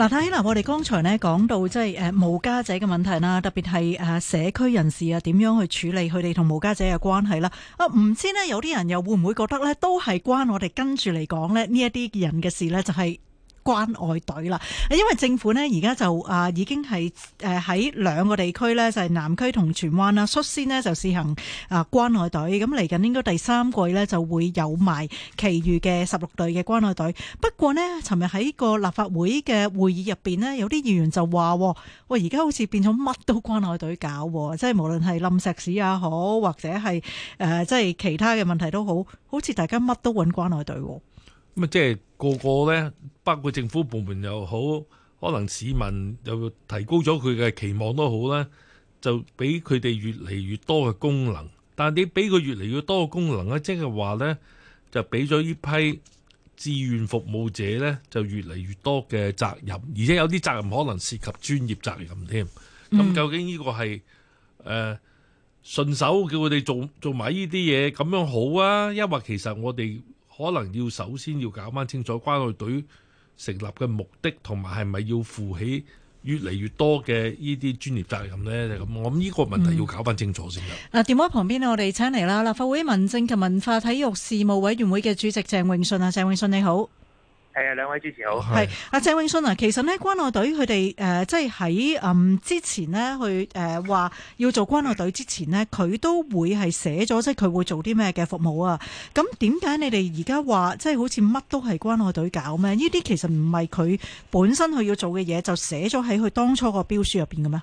嗱，睇嗱，我哋剛才咧講到即係誒無家者嘅問題啦，特別係誒社區人士啊，點樣去處理佢哋同無家者嘅關係啦？啊，唔知呢，有啲人又會唔會覺得咧，都係關我哋跟住嚟講咧呢一啲人嘅事咧，就係、是。關愛隊啦，因為政府呢，而家就啊、呃、已經係誒喺兩個地區呢就係、是、南區同荃灣啦，率先呢就試行啊關愛隊。咁嚟緊應該第三季呢就會有埋其餘嘅十六隊嘅關愛隊。不過呢，尋日喺個立法會嘅會議入邊呢，有啲議員就話，喂而家好似變咗乜都關愛隊搞，即係無論係冧石屎也好，或者係誒、呃、即係其他嘅問題都好，好似大家乜都揾關愛隊。即係個個呢，包括政府部門又好，可能市民又提高咗佢嘅期望都好啦，就俾佢哋越嚟越多嘅功能。但係你俾佢越嚟越多嘅功能呢，即係話呢，就俾咗呢批志願服務者呢，就越嚟越多嘅責任，而且有啲責任可能涉及專業責任添。咁、嗯、究竟呢個係誒、呃、順手叫佢哋做做埋呢啲嘢，咁樣好啊？抑或其實我哋，可能要首先要搞翻清楚，關愛隊成立嘅目的，同埋係咪要負起越嚟越多嘅呢啲專業責任呢？咁我諗呢個問題要搞翻清楚先啦。嗱、嗯，電話 旁邊我哋請嚟啦，立法會民政及文化體育事務委員會嘅主席鄭泳舜啊，鄭泳舜你好。係啊，兩位主持好。係阿鄭泳舜啊，其實呢，關愛隊佢哋誒，即係喺誒之前呢，去誒話、呃、要做關愛隊之前呢，佢都會係寫咗，即係佢會做啲咩嘅服務啊。咁點解你哋而家話即係好似乜都係關愛隊搞咩？呢啲其實唔係佢本身佢要做嘅嘢，就寫咗喺佢當初個標書入邊嘅咩？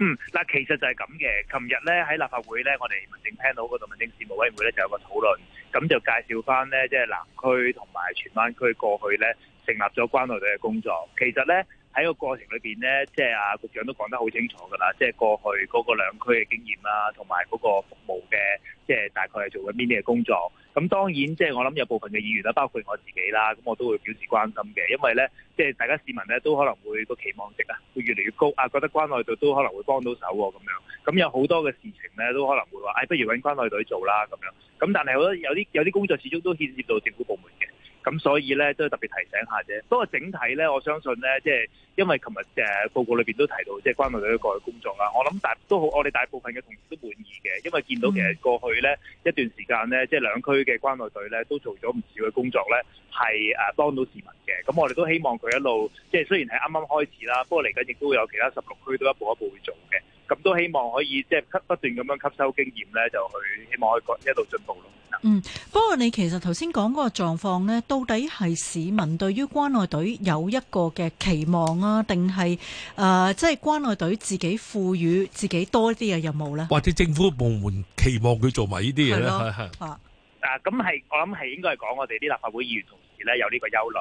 嗯，嗱，其實就係咁嘅。琴日咧喺立法會咧，我哋民政聽到嗰度民政事務委員會咧就有個討論，咁就介紹返咧即係南區同埋荃灣區過去咧成立咗關愛隊嘅工作。其實咧。喺個過程裏邊咧，即係啊，局長都講得好清楚㗎啦，即係過去嗰個兩區嘅經驗啦，同埋嗰個服務嘅，即係大概係做緊邊啲嘅工作。咁當然，即係我諗有部分嘅議員啦，包括我自己啦，咁我都會表示關心嘅，因為咧，即係大家市民咧都可能會個期望值啊，會越嚟越高啊，覺得關愛隊都可能會幫到手喎咁樣。咁有好多嘅事情咧，都可能會話，誒，不如揾關愛隊做啦咁樣。咁但係我覺得有啲有啲工作始終都牽涉到政府部門嘅。咁所以咧都係特別提醒下啫。不過整體咧，我相信咧，即係因為琴日誒報告裏邊都提到，即係關愛隊過去工作啦。我諗大都好，我哋大部分嘅同事都滿意嘅，因為見到其實過去咧一段時間咧，即係兩區嘅關愛隊咧都做咗唔少嘅工作咧，係誒幫到市民嘅。咁我哋都希望佢一路，即係雖然係啱啱開始啦，不過嚟緊亦都會有其他十六區都一步一步去做嘅。咁都希望可以即係吸不斷咁樣吸收經驗咧，就去希望可以一一路進步咯。嗯，不過你其實頭先講嗰個狀況咧，到底係市民對於關愛隊有一個嘅期望啊，定係誒，即係關愛隊自己賦予自己多啲嘅任務咧？或者政府部門期望佢做埋呢啲嘢咧？啊，啊，咁係，我諗係應該係講我哋啲立法會議員同事咧有呢個憂慮。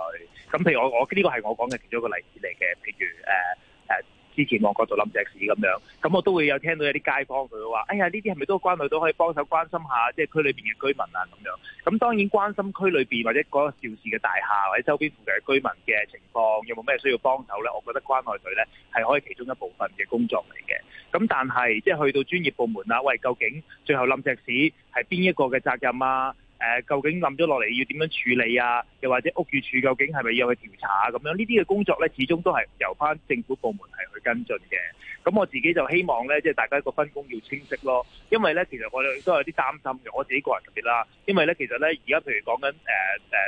咁譬如我，我呢個係我講嘅其中一個例子嚟嘅，譬如誒。之前旺角度冧石屎咁樣，咁我都會有聽到有啲街坊佢話，哎呀，呢啲係咪都關愛隊都可以幫手關心下，即係區裏邊嘅居民啊咁樣。咁當然關心區裏邊或者嗰個肇事嘅大廈或者周邊附近嘅居民嘅情況有冇咩需要幫手咧？我覺得關愛隊咧係可以其中一部分嘅工作嚟嘅。咁但係即係去到專業部門啦，喂，究竟最後冧石屎係邊一個嘅責任啊？誒，究竟冧咗落嚟要點樣處理啊？又或者屋宇署究竟係咪要去調查啊？咁樣呢啲嘅工作咧，始終都係由翻政府部門係去跟進嘅。咁我自己就希望咧，即係大家個分工要清晰咯。因為咧，其實我哋都有啲擔心嘅，我自己個人特別啦。因為咧，其實咧，而家譬如講緊誒誒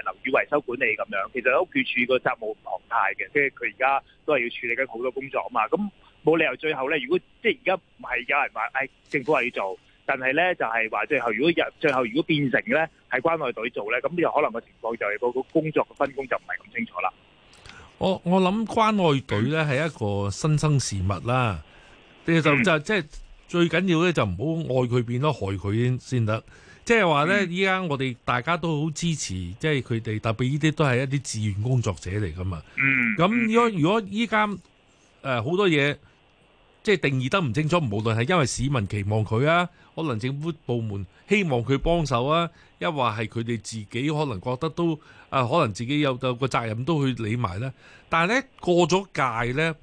樓宇維修管理咁樣，其實屋宇署個責務唔同態嘅，即係佢而家都係要處理緊好多工作啊嘛。咁冇理由最後咧，如果即係而家唔係有人話，誒政府係要做。但係咧，就係、是、話最後，如果日最後如果變成咧喺關愛隊做咧，咁又可能嘅情況就係個個工作嘅分工就唔係咁清楚啦。我我諗關愛隊咧係一個新生事物啦，其、嗯、就就即係最緊要咧就唔好愛佢變多害佢先得。即係話咧，依家、嗯、我哋大家都好支持，即係佢哋特別呢啲都係一啲志願工作者嚟㗎嘛。嗯，咁如果如果依家誒好多嘢。即係定義得唔清楚，無論係因為市民期望佢啊，可能政府部門希望佢幫手啊，抑或係佢哋自己可能覺得都啊、呃，可能自己有個責任都去理埋咧。但係咧過咗界咧，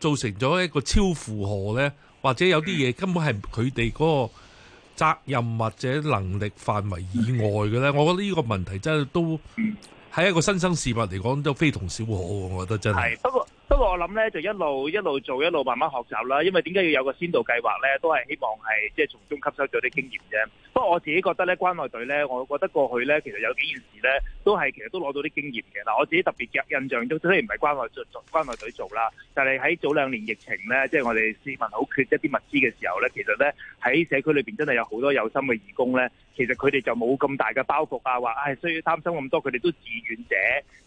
造成咗一個超負荷咧，或者有啲嘢根本係佢哋嗰個責任或者能力範圍以外嘅咧。我覺得呢個問題真係都喺一個新生事物嚟講都非同小可，我覺得真係。不過。不過我諗咧，就一路一路做，一路慢慢學習啦。因為點解要有個先導計劃咧，都係希望係即係從中吸收咗啲經驗啫。不過我自己覺得咧，關愛隊咧，我覺得過去咧，其實有幾件事咧，都係其實都攞到啲經驗嘅。嗱，我自己特別嘅印象中，雖然唔係關愛做關愛隊做啦，但係喺早兩年疫情咧，即係我哋市民好缺一啲物資嘅時候咧，其實咧喺社區裏邊真係有好多有心嘅義工咧，其實佢哋就冇咁大嘅包袱啊，話唉需要擔心咁多，佢哋都志願者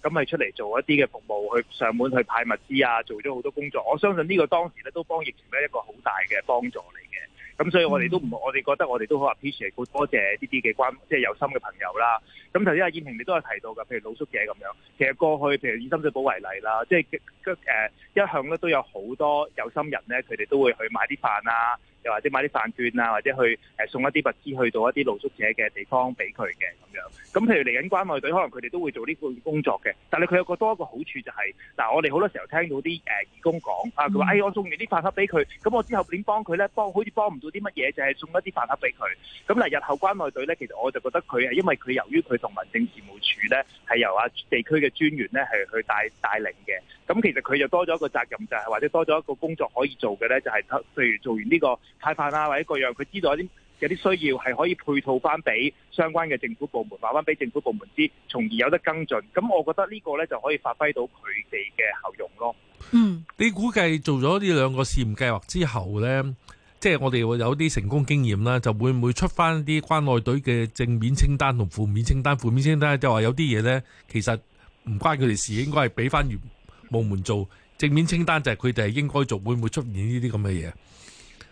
咁係出嚟做一啲嘅服務，去上門去派物資啊。啊！做咗好多工作，我相信呢個當時咧都幫疫情咧一個好大嘅幫助嚟嘅。咁所以我哋都唔，mm hmm. 我哋覺得我哋都好 appreciate，好多謝呢啲嘅關，即係有心嘅朋友啦。咁頭先阿燕萍你都有提到嘅，譬如露宿者咁樣。其實過去，譬如以深水埗為例啦，即係嘅、呃、一向咧都有好多有心人咧，佢哋都會去買啲飯啊，又或者買啲飯券啊，或者去誒送一啲物資去到一啲露宿者嘅地方俾佢嘅咁樣。咁譬如嚟緊關愛隊，可能佢哋都會做呢個工作嘅。但係佢有個多一個好處就係，嗱，我哋好多時候聽到啲誒義工講啊，佢話：哎，我送完啲飯盒俾佢，咁我之後點幫佢咧？幫好似幫唔到啲乜嘢，就係送一啲飯盒俾佢。咁嗱，日後關愛隊咧，其實我就覺得佢係因為佢由於佢同民政事務處咧係由啊地區嘅專員咧係去帶帶領嘅。咁其實佢就多咗一個責任，就係或者多咗一個工作可以做嘅咧，就係譬如做完呢個派飯啊，或者各樣佢知道一啲。有啲需要係可以配套翻俾相關嘅政府部門，話翻俾政府部門知，從而有得跟進。咁我覺得呢個呢就可以發揮到佢哋嘅效用咯。嗯，你估計做咗呢兩個試驗計劃之後呢，即係我哋會有啲成功經驗啦，就會唔會出翻啲關愛隊嘅正面清單同負面清單？負面清單就話有啲嘢呢，其實唔關佢哋事，應該係俾翻業務部門做。正面清單就係佢哋係應該做，會唔會出現呢啲咁嘅嘢？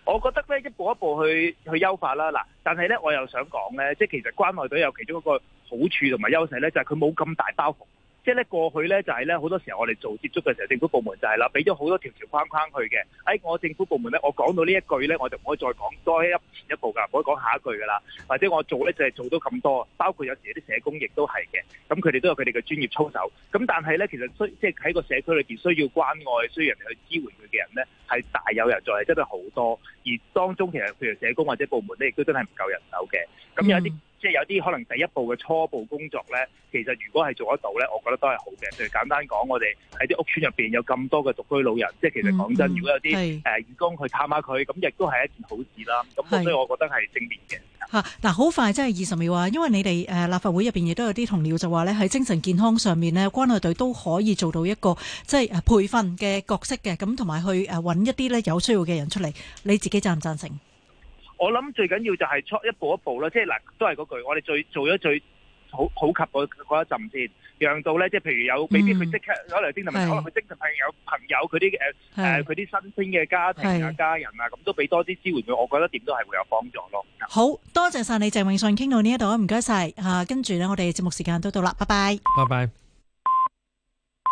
我覺得咧，一步一步去去優化啦。嗱，但係咧，我又想講咧，即係其實關愛隊有其中一個好處同埋優勢咧，就係佢冇咁大包袱。即係咧，過去咧就係咧，好多時候我哋做接觸嘅時候，政府部門就係啦，俾咗好多條條框框佢嘅。喺、哎、我政府部門咧，我講到呢一句咧，我就唔可以再講多一前一步㗎，唔可以講下一句㗎啦。或者我做咧就係、是、做到咁多，包括有時啲社工亦都係嘅。咁佢哋都有佢哋嘅專業操守。咁但係咧，其實需即係喺個社區裏邊需要關愛、需要人去支援佢嘅人咧，係大有人在，係真係好多。而當中其實譬如社工或者部門咧，亦都真係唔夠人手嘅。咁有啲。嗯即係有啲可能第一步嘅初步工作咧，其實如果係做得到咧，我覺得都係好嘅。譬如簡單講，我哋喺啲屋邨入邊有咁多嘅獨居老人，即係其實講真，如果有啲誒義工去探下佢，咁亦都係一件好事啦。咁所以我覺得係正面嘅。嚇！嗱，好快即係二十秒啊！因為你哋誒立法會入邊亦都有啲同僚就話咧，喺精神健康上面咧，關愛隊都可以做到一個即係誒培訓嘅角色嘅，咁同埋去誒揾一啲咧有需要嘅人出嚟。你自己贊唔贊成？我諗最緊要就係出一步一步啦，即係嗱，都係嗰句，我哋最做咗最好好及嗰一陣先，讓到咧，即係譬如有未必佢即刻攞嚟可能佢經常係有朋友佢啲誒誒佢啲新鮮嘅家庭啊、是家人啊，咁都俾多啲支援佢，我覺得點都係會有幫助咯。好多謝晒你，鄭泳舜傾到呢一度啊，唔該晒吓，跟住咧我哋節目時間都到啦，拜拜，拜拜。